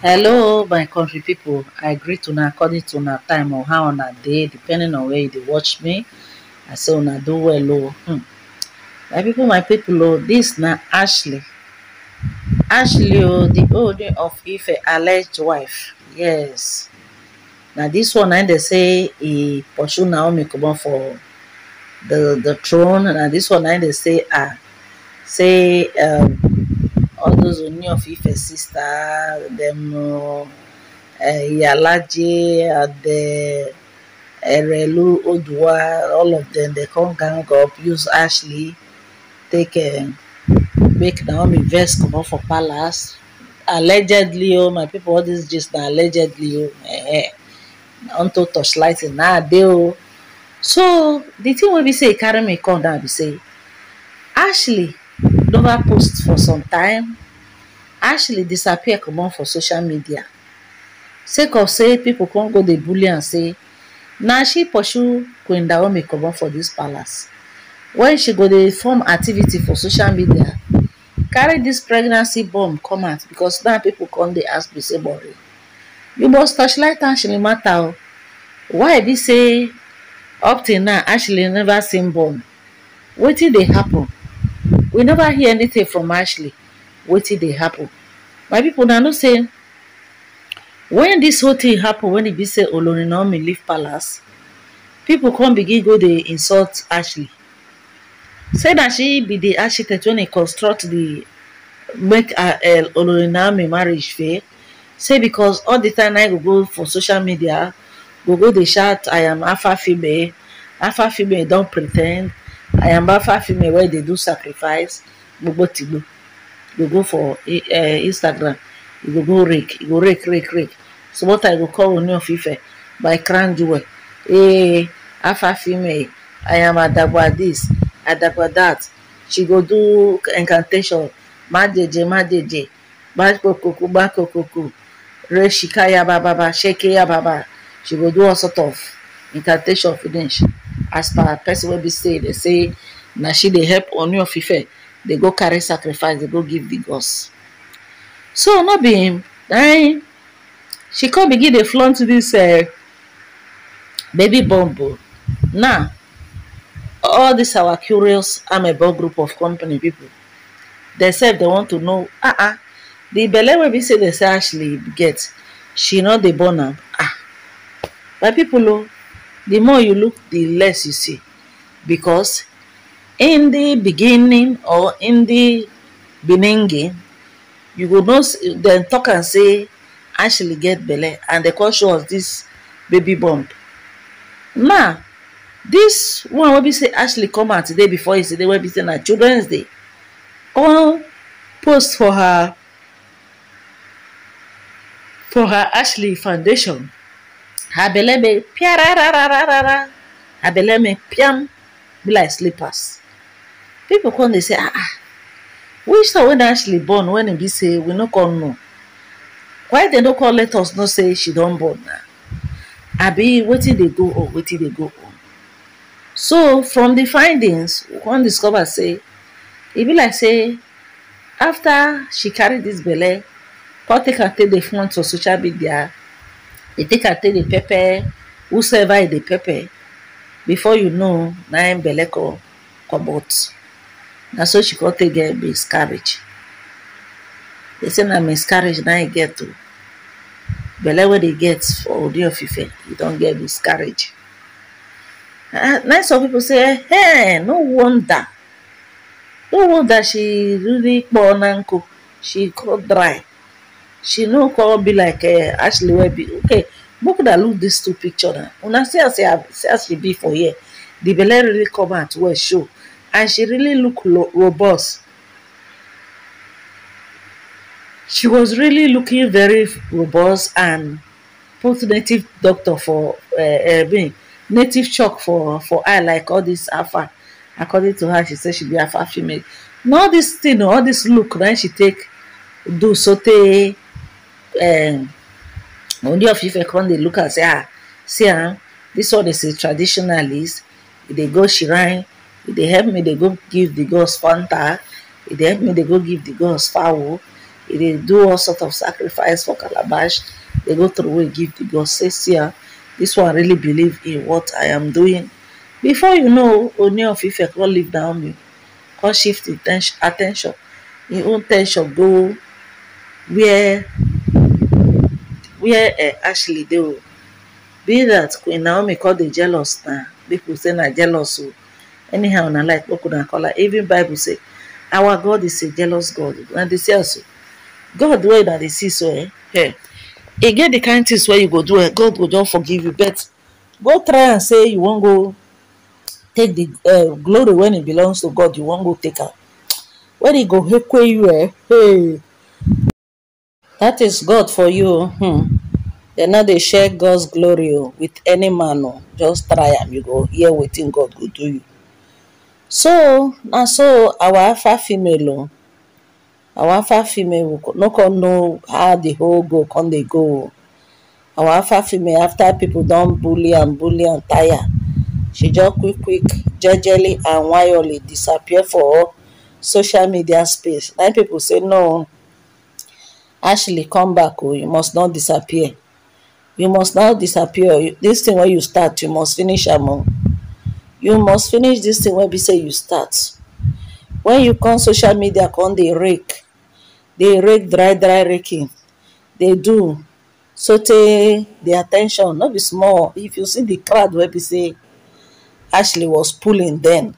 hello my country people. i greet una according to una time or how una dey depending on where you dey watch me i say una do well o hmm my people, my people, o This na ashley ashley o the owner of ife alleged wife yes na this one I im dey say e pursue naomi comot for the the throne na this one I im dey say ah say um all those Ooni of Ife sisters, them uh, eh, Iyalaje, uh, the Erelu, Oduwa, all of them, they come gang up, use Ashley, take uh, make Naomi vex comot for palace. Allegedly, oh, my people, all this just na allegedly, oh, eh, eh. unto torchlighting na dey oh. So the thing wey be say e carry me come down be say Ashley nova post for some time Actually, disappear comot for social media sake of say people come go dey bully am say na she pursue queen naomi comot for dis palace When she go dey form activity for social media carry dis pregnancy bomb come out becos now people come dey ask me say bori you must torchlight ashley matter o why e be say up till now actually never seen born wetin dey happen we never hear anything from ashley wetin dey happen my people na know say when this whole thing happen when e be say olori naomi leave palace people come begin go dey insult ashley say na she be di architect when e construct the make eh, olori naomi marriage fail say because all the time i go go for social media go go dey shout i am alpha female alpha female don pretend ayamba female wey dey do sacrifice gbogbo tigbo go go for eh, instagram go go rake go rake rake rake subota e go call oniofife by crown jewel he eh, he afa female i am adagba dis adagba dat she go do incantation bakokoko bakokoko bacocococococococococ re shekeya baba she go do all sort of incantation finish. as per person wey be say they say na she dey help Ooni of Ife dey go carry sacrifice dey go give the gods so no be him then she come begin dey flaunt this uh, baby bumble now all this our curious amebo group of company people they themselves they want to know ah uh ah -uh, the belle wey be say they say Ashley get she no dey born am ah my people o oh, the more you look, the less you see. Because in the beginning or in the beginning, you go know, then talk and say, actually get belle and the question was this baby bump. Now, this one wey be say ashley come out today before yesterday wey be say na children's day come post for her for her ashley foundation Her ra ra Her me piam be like slippers. People come they say ah ah. Which time when Ashley born when it be say we no come know. Why they no call let us know say she don born na? Abi wetin dey go on wetin dey go on. So from the findings we come discover say e be like say after she carry this belle come take am take dey flaunt for social media They take and take the pepper, whosoever is the pepper, before you know, na him belle come comot. Na so she come take get miscarriage. They say na miscarriage na him get o. Belle wey dey get for Ooni of Ife, e don get miscarriage. Uh, ah, now some people say, hey, no wonder. No wonder she really poor uncle. She got dry she no come be like eh, ashley webby okay make una look dis two picture when I see I see as she be for here The belle really come out well show and she really look robust she was really looking very robust and put native doctor for uh, native chalk for for eye like all this alpha according to her she said she be alpha female Now this thing all this look na she take do sotey um, Ooni of Ife come they look am say ah see ah this one is a traditionalist They go shrine They help me They go give the gods fanta They help me They go give the gods fowl They do all sort of sacrifice for calabash They go through and give the gods say see ah this one really believe in what i am doing before you know only of Ife come leave me come shift in ten tion at ten own ten go where wia eh, ashley dey o be that queen naomi call dey jealous na People say na jealous o anyhow na like make una call her even bible say our god is a jealous god na dey see us o god wey una dey see so eh yeah. e get the kind things wey you go do eh god go just forgive you but go try am say you wan go take the uh, glory when it belongs to god you wan go take am when he go hekwe you eh hey that is god for you hmm. They now they share God's glory oh, with any man o oh. just try am you go hear wetin God will do you so now, so our alpha female oh. our alpha female no come know how the whole go come they go our alpha female after people don't bully and bully and tire she just quick quick jejely and wildly disappear for social media space Then people say no ashley come back Oh, you must not disappear you must now disappear This thing where you start you must finish am o you must finish this thing where we say you start When you come social media come They rake They rake dry dry raking They do So sotey the attention Not be small if you see the crowd where we say ashley was pulling then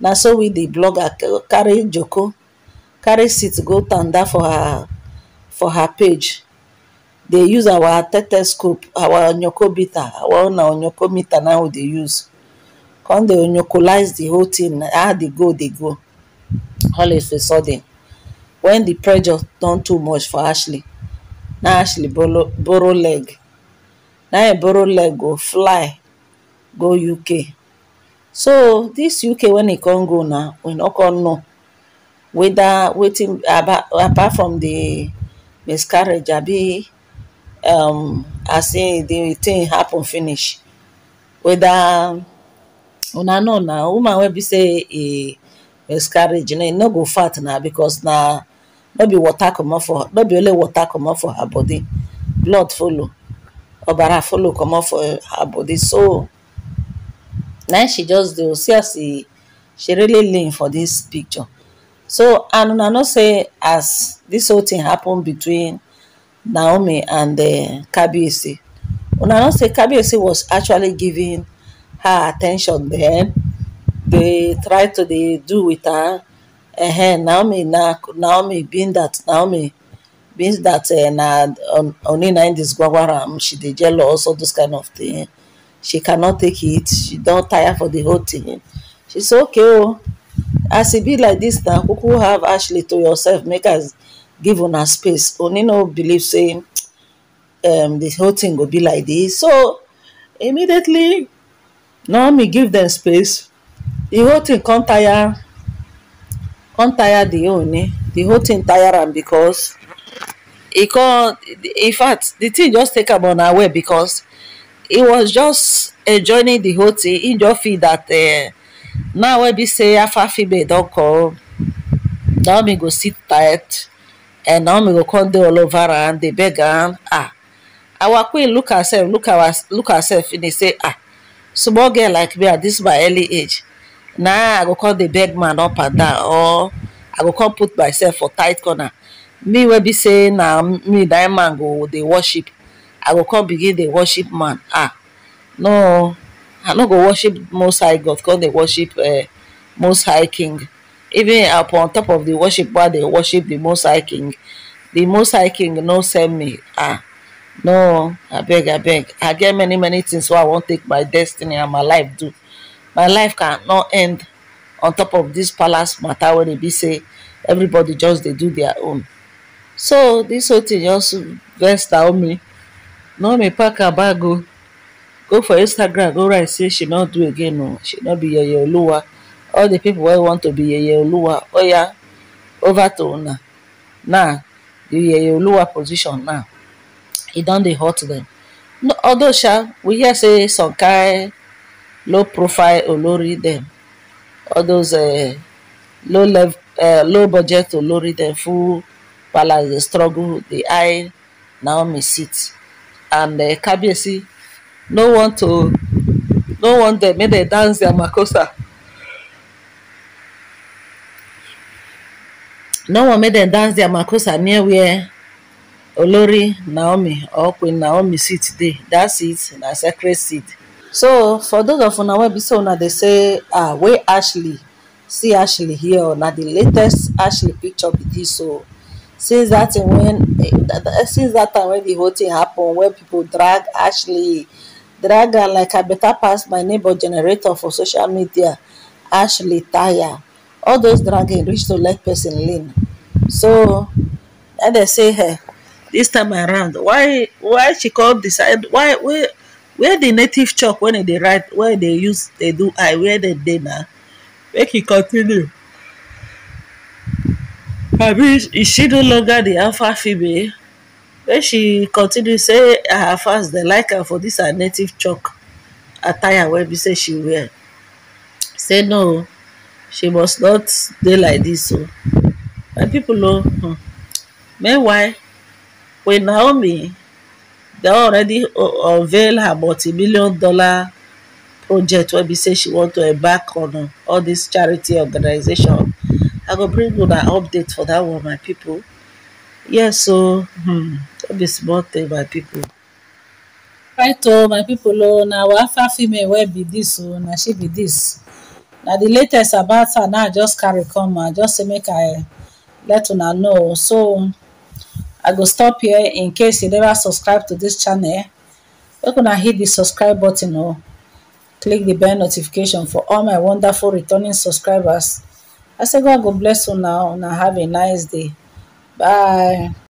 Now so with the blogger carry joko carry seat go tanda for her for her page dey use our stethoscope our onyoko our own na onyoko meter na we dey use come dey onyokolize the whole thing how the go, dey go all of a sudden when the pressure don too much for ashley na ashley borrow, borrow leg na him borrow leg go fly go uk so this uk when he come go na we no come know whether wetin apart from the miscarriage abi um, as in the thing happen finish whether una know na woman wey be say e miscarriage na e no go fat na because na no be water comot for no be only water comot for her body blood follow obara follow comot for her body so na she just dey see as e she really lean for this picture so and una know say as this whole thing happen between Naomi and the uh, Kabiesi. Una not say Kabiesi was actually giving her attention then. They tried to they do with her. Uh, Naomi, na, Naomi being that Naomi being that uh, na on only nine this gwagwaram she dey jealous all those kind of thing she cannot take it she don't tire for the whole thing she okay oh. as it be like this now, who have ashley to yourself make us give una space oni no believe say um, the whole thing go be like this so immediately naomi give them space the whole thing come tire come tire the oni the whole thing tire am because e come in fact the thing just take am way because e was just enjoying the whole thing e just feel that uh, now wey be say afa female don come naomi go sit tight and naomi go come dey all over am dey beg am ah our queen look herself look our look herself finish say ah small girl like me at this my early age na i go come dey beg man up and down or i go come put myself for tight corner me wey be say na me na man go dey worship i go come begin dey worship man ah no i no go worship most high god come dey worship uh, most high king even upon top of the worship while they worship the most high king the most high king no send me ah no I beg, i beg. I get many many things so i won't take my destiny and my life do my life cannot end on top of this palace matter wey They be say everybody just they do their own so this whole thing just me. No me pack a bag o oh. go for instagram go write say she not do again o oh. she not be yeye oluwa all the people wey want to be yeye oluwa oya oh over to una now the yeye oluwa position now e don dey hurt them. no, although sha we hear say some kind low profile olori dem all those uh, low level uh, low budget olori dem full palace dey struggle dey eye naomi seat and uh, eh, kabiyesi no want to no want dem make dem dance their makosa no one made them dance their makosa near where olori naomi or queen naomi seat dey dat seat na sacred seat so for those of you wey be say una dey say ah where ashley see ashley here Now the latest ashley picture be this. So since that time when eh, eh, since that time when the whole thing happened, when people drag ashley drag her like i better pass my neighbor generator for social media ashley tire all those dragging reach to let person lean so i dey say her eh, dis time around why why she come decide why where di native chalk wey dem dey write where they dey use dey do eye where dem dey na make e continue i mean is she no longer di alpha female wey she continue say her ah, fans dey like her for dis her native chalk attire wey be say she wear say no. she must not dey like this, o oh. my people o oh, um, hmm. meanwhile queen naomi don already uh, unveil her multi-million dollar project wey be say she want to embark on oh, all dis charity organization. i go bring una update for that one my people yes so hmm, no be small thing my people. right o my people o na our afa female wey be dis o na she be dis na the latest about her now i just carry come i just say make i let una know so i go stop here in case you never subscribe to this channel make una hit the subscribe button or oh. click the bell notification for all my wonderful returning subscribers i say god go bless you now and have a nice day bye